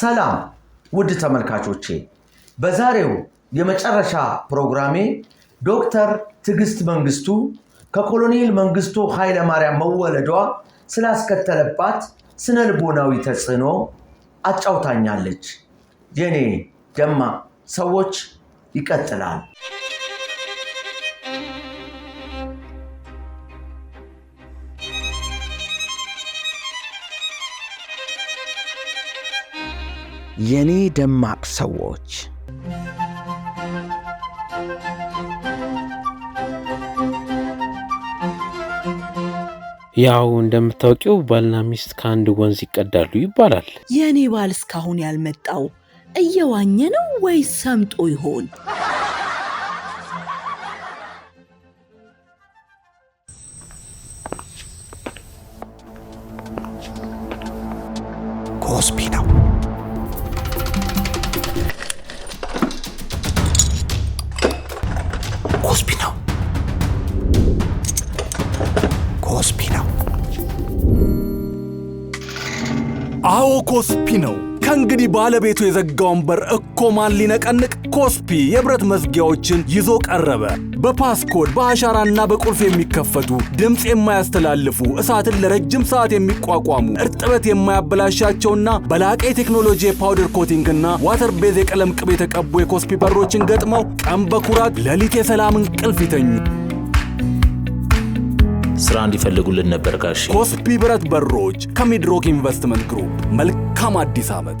ሰላም ውድ ተመልካቾቼ፣ በዛሬው የመጨረሻ ፕሮግራሜ ዶክተር ትዕግስት መንግስቱ ከኮሎኔል መንግስቱ ኃይለማርያም መወለዷ ስላስከተለባት ስነ ልቦናዊ ተጽዕኖ አጫውታኛለች። የኔ ደማቅ ሰዎች ይቀጥላል። የኔ ደማቅ ሰዎች ያው እንደምታውቂው ባልና ሚስት ከአንድ ወንዝ ይቀዳሉ ይባላል። የእኔ ባል እስካሁን ያልመጣው እየዋኘ ነው ወይስ ሰምጦ ይሆን? ባለቤቱ የዘጋውን በር እኮ ማን ሊነቀንቅ ኮስፒ የብረት መዝጊያዎችን ይዞ ቀረበ። በፓስኮድ በአሻራና በቁልፍ የሚከፈቱ ድምፅ የማያስተላልፉ እሳትን ለረጅም ሰዓት የሚቋቋሙ እርጥበት የማያበላሻቸውና በላቀ የቴክኖሎጂ የፓውደር ኮቲንግና ዋተር ቤዝ የቀለም ቅብ የተቀቡ የኮስፒ በሮችን ገጥመው ቀን በኩራት ሌሊት የሰላም እንቅልፍ ይተኙ። ስራ እንዲፈልጉልን ነበር ጋሽ። ኮስፒ ብረት በሮች ከሚድሮክ ኢንቨስትመንት ግሩፕ። መልካም አዲስ ዓመት።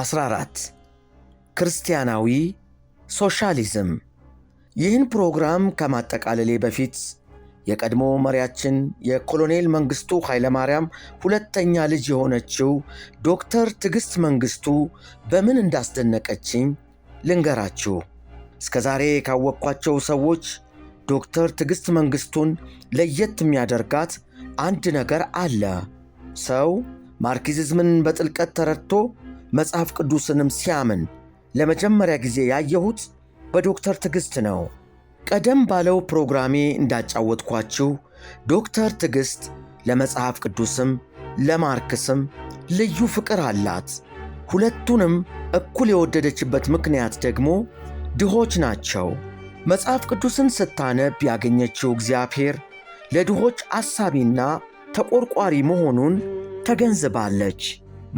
14 ክርስቲያናዊ ሶሻሊዝም። ይህን ፕሮግራም ከማጠቃለሌ በፊት የቀድሞ መሪያችን የኮሎኔል መንግስቱ ኃይለማርያም ሁለተኛ ልጅ የሆነችው ዶክተር ትዕግስት መንግስቱ በምን እንዳስደነቀችኝ ልንገራችሁ። እስከ ዛሬ ካወቅኳቸው ሰዎች ዶክተር ትዕግስት መንግስቱን ለየት የሚያደርጋት አንድ ነገር አለ። ሰው ማርኪዝምን በጥልቀት ተረድቶ መጽሐፍ ቅዱስንም ሲያምን ለመጀመሪያ ጊዜ ያየሁት በዶክተር ትዕግሥት ነው። ቀደም ባለው ፕሮግራሜ እንዳጫወትኳችሁ ዶክተር ትዕግሥት ለመጽሐፍ ቅዱስም ለማርክስም ልዩ ፍቅር አላት። ሁለቱንም እኩል የወደደችበት ምክንያት ደግሞ ድሆች ናቸው። መጽሐፍ ቅዱስን ስታነብ ያገኘችው እግዚአብሔር ለድሆች አሳቢና ተቆርቋሪ መሆኑን ተገንዝባለች።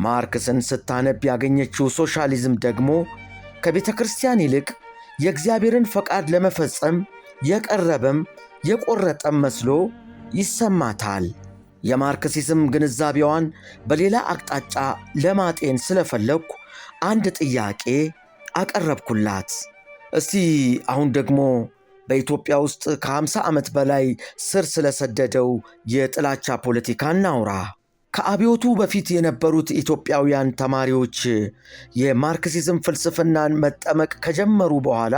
ማርክስን ስታነብ ያገኘችው ሶሻሊዝም ደግሞ ከቤተ ክርስቲያን ይልቅ የእግዚአብሔርን ፈቃድ ለመፈጸም የቀረበም የቆረጠም መስሎ ይሰማታል። የማርክሲዝም ግንዛቤዋን በሌላ አቅጣጫ ለማጤን ስለፈለግኩ አንድ ጥያቄ አቀረብኩላት። እስቲ አሁን ደግሞ በኢትዮጵያ ውስጥ ከ50 ዓመት በላይ ስር ስለሰደደው የጥላቻ ፖለቲካ እናውራ። ከአብዮቱ በፊት የነበሩት ኢትዮጵያውያን ተማሪዎች የማርክሲዝም ፍልስፍናን መጠመቅ ከጀመሩ በኋላ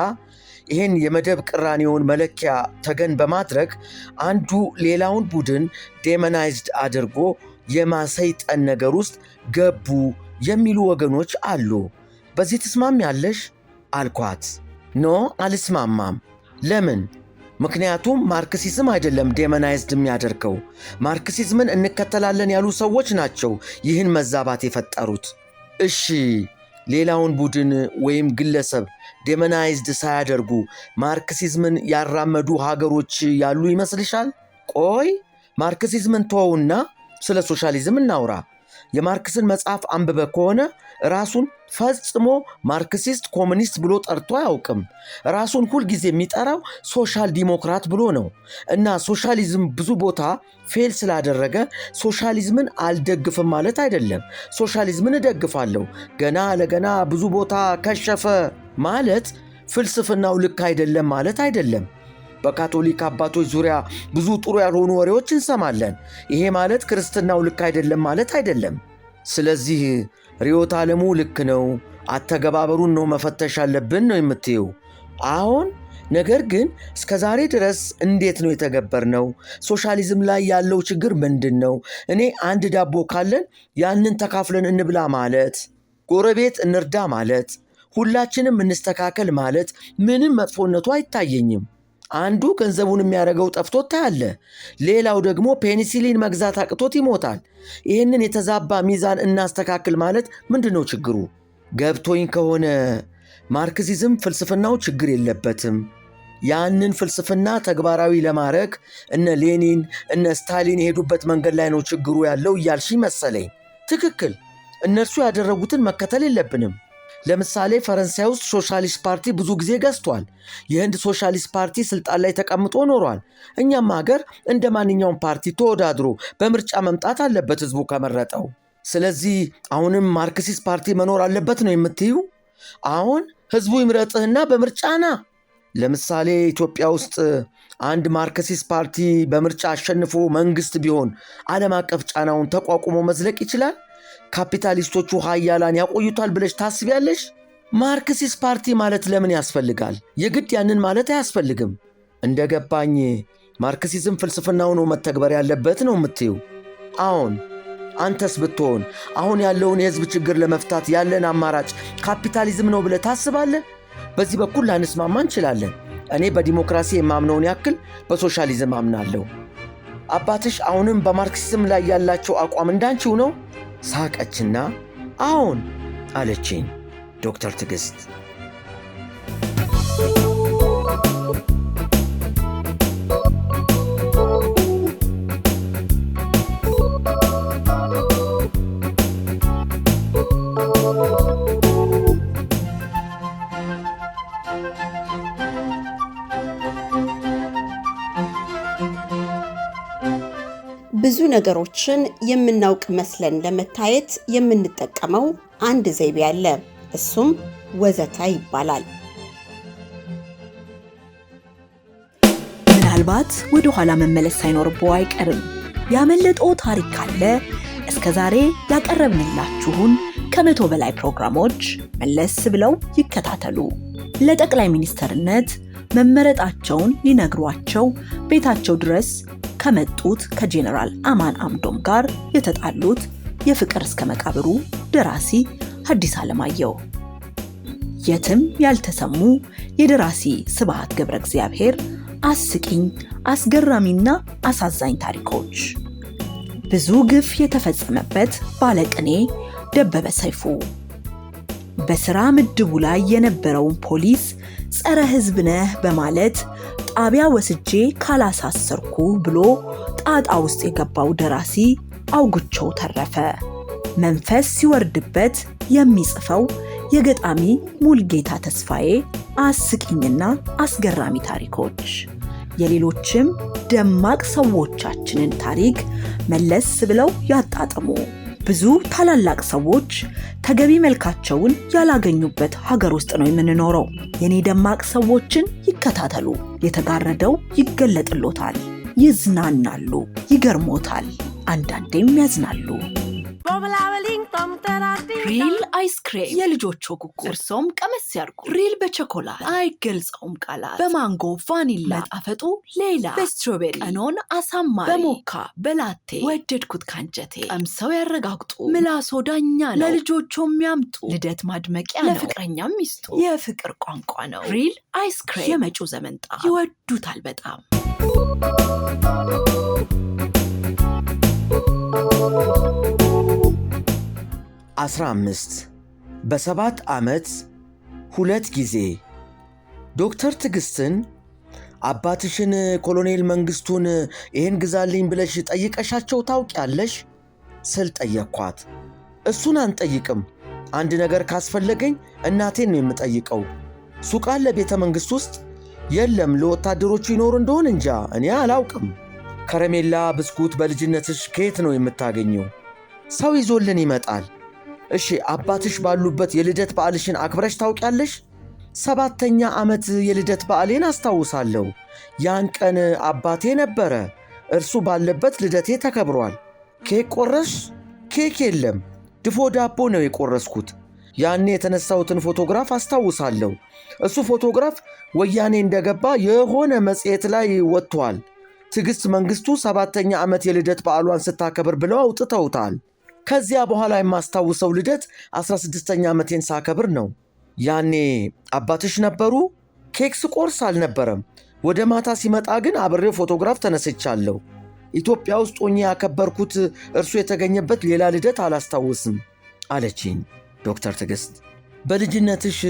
ይህን የመደብ ቅራኔውን መለኪያ ተገን በማድረግ አንዱ ሌላውን ቡድን ዴመናይዝድ አድርጎ የማሰይጠን ነገር ውስጥ ገቡ የሚሉ ወገኖች አሉ። በዚህ ትስማም ያለሽ አልኳት። ኖ አልስማማም። ለምን? ምክንያቱም ማርክሲዝም አይደለም ዴመናይዝድ የሚያደርገው ማርክሲዝምን እንከተላለን ያሉ ሰዎች ናቸው ይህን መዛባት የፈጠሩት። እሺ ሌላውን ቡድን ወይም ግለሰብ ዴመናይዝድ ሳያደርጉ ማርክሲዝምን ያራመዱ ሀገሮች ያሉ ይመስልሻል? ቆይ ማርክሲዝምን ተወውና ስለ ሶሻሊዝም እናውራ። የማርክስን መጽሐፍ አንብበ ከሆነ ራሱን ፈጽሞ ማርክሲስት ኮሚኒስት ብሎ ጠርቶ አያውቅም። ራሱን ሁልጊዜ የሚጠራው ሶሻል ዲሞክራት ብሎ ነው እና ሶሻሊዝም ብዙ ቦታ ፌል ስላደረገ ሶሻሊዝምን አልደግፍም ማለት አይደለም። ሶሻሊዝምን እደግፋለሁ፣ ገና ለገና ብዙ ቦታ ከሸፈ ማለት ፍልስፍናው ልክ አይደለም ማለት አይደለም። በካቶሊክ አባቶች ዙሪያ ብዙ ጥሩ ያልሆኑ ወሬዎች እንሰማለን። ይሄ ማለት ክርስትናው ልክ አይደለም ማለት አይደለም። ስለዚህ ርዕዮተ ዓለሙ ልክ ነው፣ አተገባበሩን ነው መፈተሽ አለብን ነው የምትየው አሁን ነገር ግን እስከ ዛሬ ድረስ እንዴት ነው የተገበር ነው? ሶሻሊዝም ላይ ያለው ችግር ምንድን ነው? እኔ አንድ ዳቦ ካለን ያንን ተካፍለን እንብላ ማለት፣ ጎረቤት እንርዳ ማለት፣ ሁላችንም እንስተካከል ማለት ምንም መጥፎነቱ አይታየኝም። አንዱ ገንዘቡን የሚያደርገው ጠፍቶት ታያለ። ሌላው ደግሞ ፔኒሲሊን መግዛት አቅቶት ይሞታል። ይህንን የተዛባ ሚዛን እናስተካክል ማለት ምንድን ነው ችግሩ? ገብቶኝ ከሆነ ማርክሲዝም ፍልስፍናው ችግር የለበትም። ያንን ፍልስፍና ተግባራዊ ለማድረግ እነ ሌኒን እነ ስታሊን የሄዱበት መንገድ ላይ ነው ችግሩ ያለው እያልሽ መሰለኝ። ትክክል፣ እነርሱ ያደረጉትን መከተል የለብንም። ለምሳሌ ፈረንሳይ ውስጥ ሶሻሊስት ፓርቲ ብዙ ጊዜ ገዝቷል። የህንድ ሶሻሊስት ፓርቲ ስልጣን ላይ ተቀምጦ ኖሯል። እኛም ሀገር እንደ ማንኛውም ፓርቲ ተወዳድሮ በምርጫ መምጣት አለበት ህዝቡ ከመረጠው። ስለዚህ አሁንም ማርክሲስት ፓርቲ መኖር አለበት ነው የምትዩ? አሁን ህዝቡ ይምረጥህና በምርጫ ና። ለምሳሌ ኢትዮጵያ ውስጥ አንድ ማርክሲስት ፓርቲ በምርጫ አሸንፎ መንግስት ቢሆን ዓለም አቀፍ ጫናውን ተቋቁሞ መዝለቅ ይችላል? ካፒታሊስቶቹ ሀያላን ያቆዩታል ብለሽ ታስቢያለሽ? ማርክሲስ ፓርቲ ማለት ለምን ያስፈልጋል? የግድ ያንን ማለት አያስፈልግም። እንደ ገባኝ ማርክሲዝም ፍልስፍና ሆኖ መተግበር ያለበት ነው የምትዩ አዎን። አንተስ ብትሆን አሁን ያለውን የሕዝብ ችግር ለመፍታት ያለን አማራጭ ካፒታሊዝም ነው ብለህ ታስባለህ? በዚህ በኩል ላንስማማ እንችላለን። እኔ በዲሞክራሲ የማምነውን ያክል በሶሻሊዝም አምናለሁ። አባትሽ አሁንም በማርክሲዝም ላይ ያላቸው አቋም እንዳንቺው ነው? ሳቀችና አዎን አለችኝ ዶክተር ትግስት ነገሮችን የምናውቅ መስለን ለመታየት የምንጠቀመው አንድ ዘይቤ አለ። እሱም ወዘተ ይባላል። ምናልባት ወደ ኋላ መመለስ ሳይኖርብዎ አይቀርም። ያመለጠው ታሪክ ካለ እስከ ዛሬ ያቀረብንላችሁን ከመቶ በላይ ፕሮግራሞች መለስ ብለው ይከታተሉ። ለጠቅላይ ሚኒስትርነት መመረጣቸውን ሊነግሯቸው ቤታቸው ድረስ ከመጡት ከጄኔራል አማን አምዶም ጋር የተጣሉት የፍቅር እስከ መቃብሩ ደራሲ ሐዲስ ዓለማየሁ የትም ያልተሰሙ የደራሲ ስብሐት ገብረ እግዚአብሔር አስቂኝ አስገራሚና አሳዛኝ ታሪኮች ብዙ ግፍ የተፈጸመበት ባለቅኔ ደበበ ሰይፉ በሥራ ምድቡ ላይ የነበረውን ፖሊስ ጸረ ሕዝብ ነህ በማለት ጣቢያ ወስጄ ካላሳሰርኩ ብሎ ጣጣ ውስጥ የገባው ደራሲ አውግቸው ተረፈ መንፈስ ሲወርድበት የሚጽፈው የገጣሚ ሙልጌታ ተስፋዬ አስቂኝና አስገራሚ ታሪኮች የሌሎችም ደማቅ ሰዎቻችንን ታሪክ መለስ ብለው ያጣጥሙ። ብዙ ታላላቅ ሰዎች ተገቢ መልካቸውን ያላገኙበት ሀገር ውስጥ ነው የምንኖረው። የኔ ደማቅ ሰዎችን ይከታተሉ። የተጋረደው ይገለጥሎታል፣ ይዝናናሉ፣ ይገርሞታል፣ አንዳንዴም ያዝናሉ። ሪል አይስክሬም የልጆቹ ጉጉ፣ እርሶም ቀመስ ያርጉ። ሪል በቸኮላት አይገልጸውም ቃላት፣ በማንጎ ቫኒላ ጣፈጡ ሌላ፣ በስትሮቤሪ ቀኖን አሳማሪ፣ በሞካ በላቴ ወደድኩት ካንጀቴ። ቀምሰው ያረጋግጡ፣ ምላሶ ዳኛ ነው። ለልጆቹ የሚያምጡ ልደት ማድመቂያ ነው፣ ለፍቅረኛም ሚስጡ የፍቅር ቋንቋ ነው። ሪል አይስክሬም የመጪው ዘመን ጣ ይወዱታል በጣም። Thank you. 15 በሰባት ዓመት ሁለት ጊዜ ዶክተር ትዕግስትን አባትሽን ኮሎኔል መንግስቱን ይህን ግዛልኝ ብለሽ ጠይቀሻቸው ታውቂያለሽ ስል ጠየቅኳት። እሱን አንጠይቅም፣ አንድ ነገር ካስፈለገኝ እናቴን ነው የምጠይቀው። ሱቅ አለ ቤተ መንግሥት ውስጥ? የለም፣ ለወታደሮቹ ይኖሩ እንደሆን እንጃ፣ እኔ አላውቅም። ከረሜላ፣ ብስኩት በልጅነትሽ ከየት ነው የምታገኘው? ሰው ይዞልን ይመጣል። እሺ አባትሽ ባሉበት የልደት በዓልሽን አክብረሽ ታውቂያለሽ? ሰባተኛ ዓመት የልደት በዓሌን አስታውሳለሁ። ያን ቀን አባቴ ነበረ። እርሱ ባለበት ልደቴ ተከብሯል። ኬክ ቆረስ? ኬክ የለም፣ ድፎ ዳቦ ነው የቆረስኩት። ያኔ የተነሳሁትን ፎቶግራፍ አስታውሳለሁ። እሱ ፎቶግራፍ ወያኔ እንደገባ የሆነ መጽሔት ላይ ወጥቷል። ትዕግሥት መንግሥቱ ሰባተኛ ዓመት የልደት በዓሏን ስታከብር ብለው አውጥተውታል። ከዚያ በኋላ የማስታውሰው ልደት 16ኛ ዓመቴን ሳከብር ነው። ያኔ አባትሽ ነበሩ። ኬክ ስቆርስ አልነበረም። ወደ ማታ ሲመጣ ግን አብሬው ፎቶግራፍ ተነስቻለሁ። ኢትዮጵያ ውስጥ ሆኜ ያከበርኩት እርሱ የተገኘበት ሌላ ልደት አላስታውስም አለችኝ ዶክተር ትዕግስት። በልጅነትሽ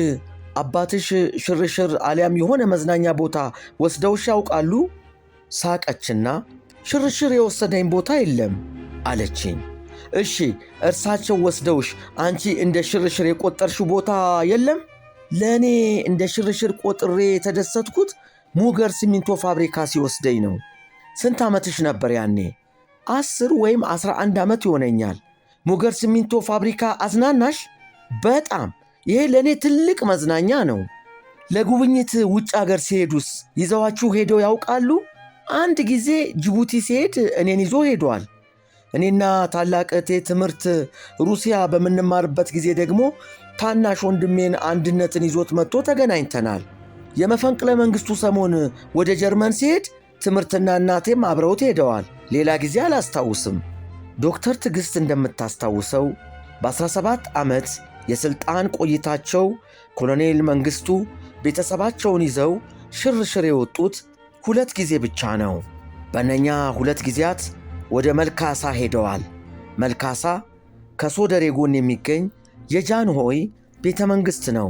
አባትሽ ሽርሽር አሊያም የሆነ መዝናኛ ቦታ ወስደውሽ ያውቃሉ? ሳቀችና ሽርሽር የወሰደኝ ቦታ የለም አለችኝ። እሺ እርሳቸው ወስደውሽ አንቺ እንደ ሽርሽር የቆጠርሽው ቦታ የለም? ለእኔ እንደ ሽርሽር ቆጥሬ የተደሰትኩት ሙገር ሲሚንቶ ፋብሪካ ሲወስደኝ ነው። ስንት ዓመትሽ ነበር ያኔ? አስር ወይም አስራ አንድ ዓመት ይሆነኛል። ሙገር ሲሚንቶ ፋብሪካ አዝናናሽ በጣም። ይሄ ለእኔ ትልቅ መዝናኛ ነው። ለጉብኝት ውጭ አገር ሲሄዱስ ይዘዋችሁ ሄደው ያውቃሉ? አንድ ጊዜ ጅቡቲ ሲሄድ እኔን ይዞ ሄደዋል። እኔና ታላቅ እቴ ትምህርት ሩሲያ በምንማርበት ጊዜ ደግሞ ታናሽ ወንድሜን አንድነትን ይዞት መጥቶ ተገናኝተናል። የመፈንቅለ መንግሥቱ ሰሞን ወደ ጀርመን ሲሄድ ትምህርትና እናቴም አብረውት ሄደዋል። ሌላ ጊዜ አላስታውስም። ዶክተር ትዕግሥት እንደምታስታውሰው በ17 ዓመት የሥልጣን ቆይታቸው ኮሎኔል መንግሥቱ ቤተሰባቸውን ይዘው ሽርሽር የወጡት ሁለት ጊዜ ብቻ ነው። በነኛ ሁለት ጊዜያት ወደ መልካሳ ሄደዋል። መልካሳ ከሶደሬ ጎን የሚገኝ የጃንሆይ ቤተ መንግሥት ነው።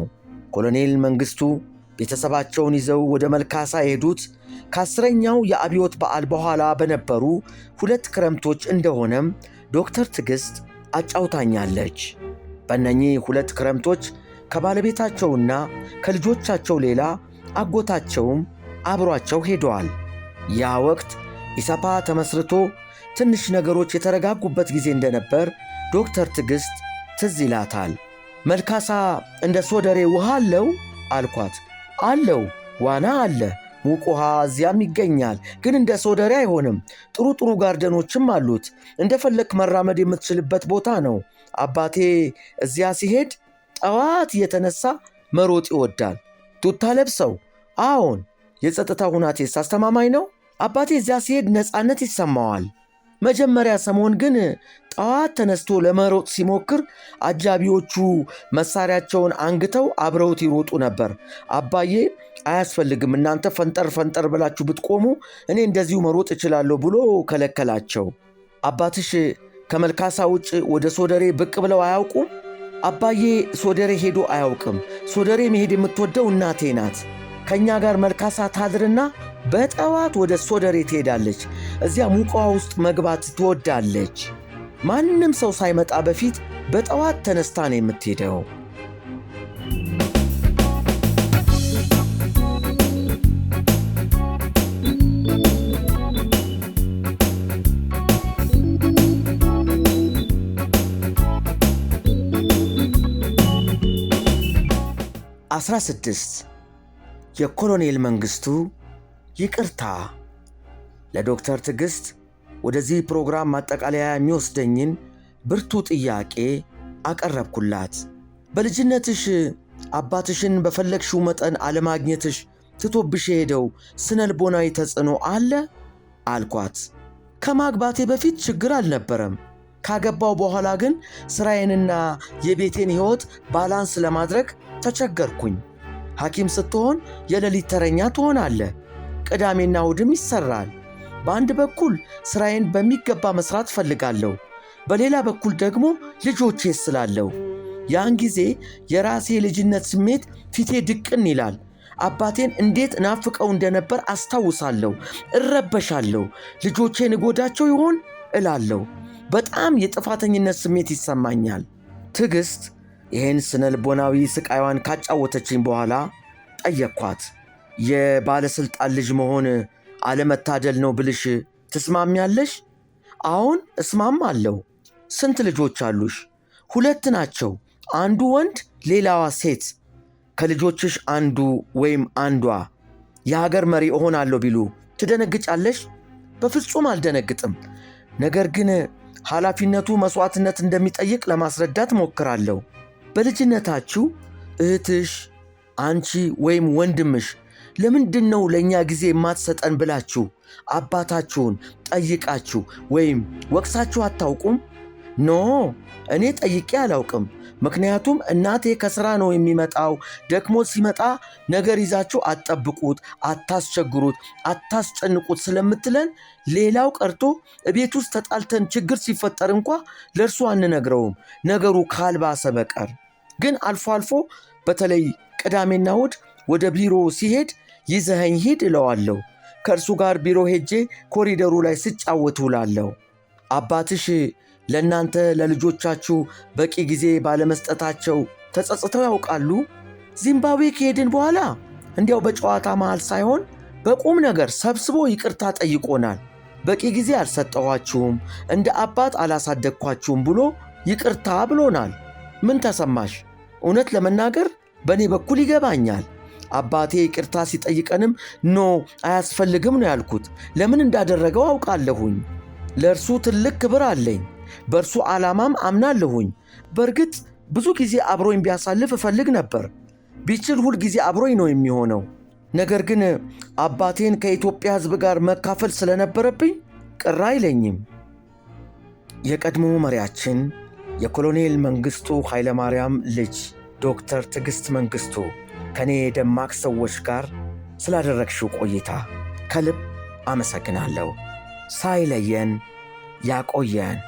ኮሎኔል መንግሥቱ ቤተሰባቸውን ይዘው ወደ መልካሳ የሄዱት ከአስረኛው የአብዮት በዓል በኋላ በነበሩ ሁለት ክረምቶች እንደሆነም ዶክተር ትዕግሥት አጫውታኛለች። በእነኚህ ሁለት ክረምቶች ከባለቤታቸውና ከልጆቻቸው ሌላ አጎታቸውም አብሯቸው ሄደዋል። ያ ወቅት ኢሰፓ ተመስርቶ ትንሽ ነገሮች የተረጋጉበት ጊዜ እንደነበር ዶክተር ትዕግሥት ትዝ ይላታል። መልካሳ እንደ ሶደሬ ውሃ አለው አልኳት። አለው፣ ዋና አለ፣ ሙቅ ውሃ እዚያም ይገኛል፣ ግን እንደ ሶደሬ አይሆንም። ጥሩ ጥሩ ጋርደኖችም አሉት። እንደፈለክ መራመድ የምትችልበት ቦታ ነው። አባቴ እዚያ ሲሄድ ጠዋት እየተነሳ መሮጥ ይወዳል። ቱታ ለብሰው። አዎን። የጸጥታ ሁናቴስ አስተማማኝ ነው? አባቴ እዚያ ሲሄድ ነፃነት ይሰማዋል። መጀመሪያ ሰሞን ግን ጠዋት ተነስቶ ለመሮጥ ሲሞክር አጃቢዎቹ መሳሪያቸውን አንግተው አብረውት ይሮጡ ነበር። አባዬ አያስፈልግም፣ እናንተ ፈንጠር ፈንጠር ብላችሁ ብትቆሙ እኔ እንደዚሁ መሮጥ እችላለሁ ብሎ ከለከላቸው። አባትሽ ከመልካሳ ውጭ ወደ ሶደሬ ብቅ ብለው አያውቁም? አባዬ ሶደሬ ሄዶ አያውቅም። ሶደሬ መሄድ የምትወደው እናቴ ናት። ከእኛ ጋር መልካሳ ታድርና በጠዋት ወደ ሶደሬ ትሄዳለች። እዚያ ሙቋ ውስጥ መግባት ትወዳለች። ማንም ሰው ሳይመጣ በፊት በጠዋት ተነስታ ነው የምትሄደው። አስራ ስድስት የኮሎኔል መንግስቱ ይቅርታ ለዶክተር ትዕግስት ወደዚህ ፕሮግራም ማጠቃለያ የሚወስደኝን ብርቱ ጥያቄ አቀረብኩላት። በልጅነትሽ አባትሽን በፈለግሽው መጠን አለማግኘትሽ ትቶብሽ የሄደው ስነልቦናዊ ተጽዕኖ አለ አልኳት። ከማግባቴ በፊት ችግር አልነበረም። ካገባው በኋላ ግን ስራዬንና የቤቴን ሕይወት ባላንስ ለማድረግ ተቸገርኩኝ። ሐኪም ስትሆን የሌሊት ተረኛ ትሆናለህ። ቅዳሜና እሁድም ይሰራል። በአንድ በኩል ሥራዬን በሚገባ መሥራት እፈልጋለሁ፣ በሌላ በኩል ደግሞ ልጆቼ ስላለሁ። ያን ጊዜ የራሴ የልጅነት ስሜት ፊቴ ድቅን ይላል። አባቴን እንዴት እናፍቀው እንደነበር አስታውሳለሁ። እረበሻለሁ። ልጆቼን እጎዳቸው ይሆን እላለሁ። በጣም የጥፋተኝነት ስሜት ይሰማኛል። ትዕግሥት ይህን ስነ ልቦናዊ ስቃይዋን ካጫወተችኝ በኋላ ጠየቅኳት። የባለሥልጣን ልጅ መሆን አለመታደል ነው ብልሽ ትስማሚያለሽ? አሁን እስማም አለው። ስንት ልጆች አሉሽ? ሁለት ናቸው፣ አንዱ ወንድ፣ ሌላዋ ሴት። ከልጆችሽ አንዱ ወይም አንዷ የሀገር መሪ እሆናለሁ ቢሉ ትደነግጫለሽ? በፍጹም አልደነግጥም። ነገር ግን ኃላፊነቱ መሥዋዕትነት እንደሚጠይቅ ለማስረዳት ሞክራለሁ። በልጅነታችሁ እህትሽ አንቺ ወይም ወንድምሽ ለምንድን ነው ለእኛ ጊዜ የማትሰጠን ብላችሁ አባታችሁን ጠይቃችሁ ወይም ወቅሳችሁ አታውቁም? ኖ እኔ ጠይቄ አላውቅም። ምክንያቱም እናቴ ከሥራ ነው የሚመጣው። ደክሞ ሲመጣ ነገር ይዛችሁ አትጠብቁት፣ አታስቸግሩት፣ አታስጨንቁት ስለምትለን ሌላው ቀርቶ እቤት ውስጥ ተጣልተን ችግር ሲፈጠር እንኳ ለእርሱ አንነግረውም ነገሩ ካልባሰ በቀር ግን አልፎ አልፎ በተለይ ቅዳሜና እሁድ ወደ ቢሮ ሲሄድ ይዘኸኝ ሂድ እለዋለሁ። ከእርሱ ጋር ቢሮ ሄጄ ኮሪደሩ ላይ ስጫወት ውላለሁ። አባትሽ ለእናንተ ለልጆቻችሁ በቂ ጊዜ ባለመስጠታቸው ተጸጽተው ያውቃሉ? ዚምባብዌ ከሄድን በኋላ እንዲያው በጨዋታ መሃል ሳይሆን በቁም ነገር ሰብስቦ ይቅርታ ጠይቆናል። በቂ ጊዜ አልሰጠኋችሁም፣ እንደ አባት አላሳደግኳችሁም ብሎ ይቅርታ ብሎናል። ምን ተሰማሽ? እውነት ለመናገር በእኔ በኩል ይገባኛል። አባቴ ይቅርታ ሲጠይቀንም ኖ አያስፈልግም ነው ያልኩት። ለምን እንዳደረገው አውቃለሁኝ። ለእርሱ ትልቅ ክብር አለኝ። በእርሱ ዓላማም አምናለሁኝ። በእርግጥ ብዙ ጊዜ አብሮኝ ቢያሳልፍ እፈልግ ነበር። ቢችል ሁል ጊዜ አብሮኝ ነው የሚሆነው። ነገር ግን አባቴን ከኢትዮጵያ ሕዝብ ጋር መካፈል ስለነበረብኝ ቅር አይለኝም። የቀድሞ መሪያችን የኮሎኔል መንግሥቱ ኃይለማርያም ልጅ ዶክተር ትዕግሥት መንግሥቱ ከእኔ ደማቅ ሰዎች ጋር ስላደረግሽው ቆይታ ከልብ አመሰግናለሁ። ሳይለየን ያቆየን።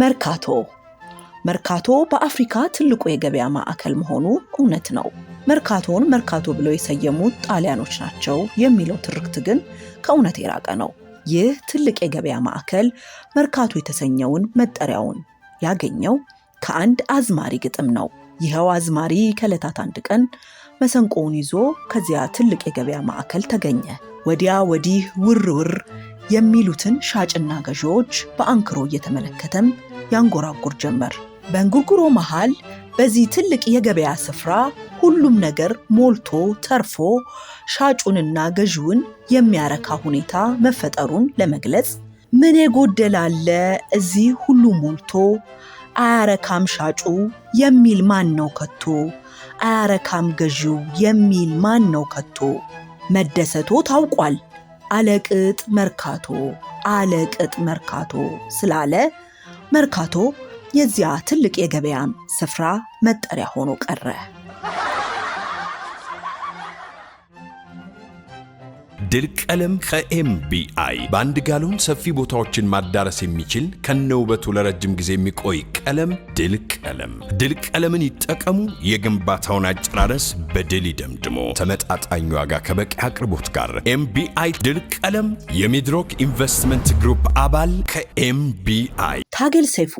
መርካቶ መርካቶ በአፍሪካ ትልቁ የገበያ ማዕከል መሆኑ እውነት ነው። መርካቶን መርካቶ ብለው የሰየሙት ጣሊያኖች ናቸው የሚለው ትርክት ግን ከእውነት የራቀ ነው። ይህ ትልቅ የገበያ ማዕከል መርካቶ የተሰኘውን መጠሪያውን ያገኘው ከአንድ አዝማሪ ግጥም ነው። ይኸው አዝማሪ ከዕለታት አንድ ቀን መሰንቆውን ይዞ ከዚያ ትልቅ የገበያ ማዕከል ተገኘ። ወዲያ ወዲህ ውርውር የሚሉትን ሻጭና ገዢዎች በአንክሮ እየተመለከተም ያንጎራጉር ጀመር። በእንጉርጉሮ መሃል በዚህ ትልቅ የገበያ ስፍራ ሁሉም ነገር ሞልቶ ተርፎ ሻጩንና ገዢውን የሚያረካ ሁኔታ መፈጠሩን ለመግለጽ ምን የጎደላለ አለ እዚህ ሁሉ ሞልቶ አያረካም ሻጩ የሚል ማን ነው ከቶ? አያረካም ገዢው የሚል ማን ነው ከቶ? መደሰቶ ታውቋል አለቅጥ መርካቶ አለቅጥ መርካቶ ስላለ መርካቶ የዚያ ትልቅ የገበያም ስፍራ መጠሪያ ሆኖ ቀረ። ድል ቀለም ከኤምቢአይ በአንድ ጋሎን ሰፊ ቦታዎችን ማዳረስ የሚችል ከነውበቱ ለረጅም ጊዜ የሚቆይ ቀለም ድል ቀለም። ድል ቀለምን ይጠቀሙ። የግንባታውን አጨራረስ በድል ይደምድሞ። ተመጣጣኝ ዋጋ ከበቂ አቅርቦት ጋር ኤምቢአይ ድል ቀለም የሚድሮክ ኢንቨስትመንት ግሩፕ አባል ከኤምቢአይ ታገል ሰይፉ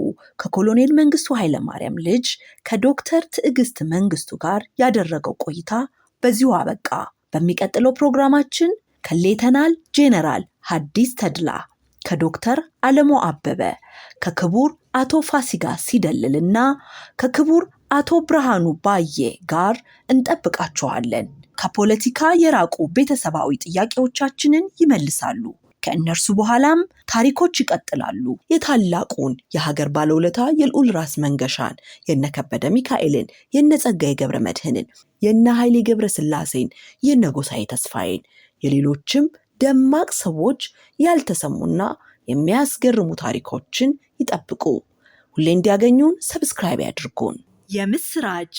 ከኮሎኔል መንግስቱ ኃይለማርያም ልጅ ከዶክተር ትዕግስት መንግስቱ ጋር ያደረገው ቆይታ በዚሁ አበቃ። በሚቀጥለው ፕሮግራማችን ከሌተናል ጄኔራል ሀዲስ ተድላ ከዶክተር አለሞ አበበ ከክቡር አቶ ፋሲጋ ሲደልልና ከክቡር አቶ ብርሃኑ ባየ ጋር እንጠብቃችኋለን። ከፖለቲካ የራቁ ቤተሰባዊ ጥያቄዎቻችንን ይመልሳሉ። ከእነርሱ በኋላም ታሪኮች ይቀጥላሉ። የታላቁን የሀገር ባለውለታ የልዑል ራስ መንገሻን፣ የነከበደ ሚካኤልን፣ የነ ጸጋዬ ገብረ የነ ኃይሌ ገብረ ስላሴን፣ የነ ጎሳዬ ተስፋዬን የሌሎችም ደማቅ ሰዎች ያልተሰሙና የሚያስገርሙ ታሪኮችን ይጠብቁ። ሁሌ እንዲያገኙን ሰብስክራይብ ያድርጉን። የምስራች